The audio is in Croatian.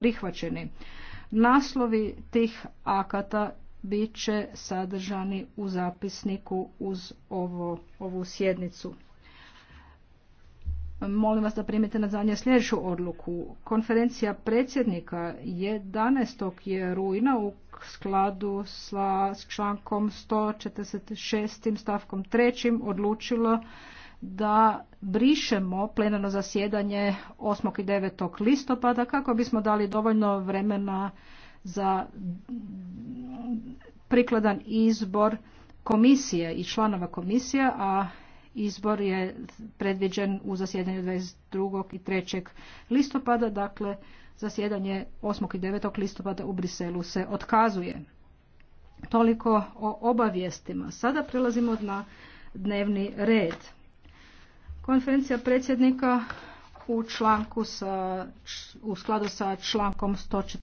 prihvaćeni. Naslovi tih akata bit će sadržani u zapisniku uz ovo, ovu sjednicu. Molim vas da primite na zadnje sljedeću odluku. Konferencija predsjednika 11. je rujna u skladu sa člankom 146. stavkom 3. odlučila da brišemo plenarno zasjedanje 8. i 9. listopada kako bismo dali dovoljno vremena za prikladan izbor komisije i članova komisije, a izbor je predviđen u zasjedanju 22. i 3. listopada, dakle zasjedanje 8. i 9. listopada u Briselu se otkazuje. Toliko o obavijestima. Sada prelazimo na dnevni red. Konferencija predsjednika u članku sa, u skladu sa člankom 140.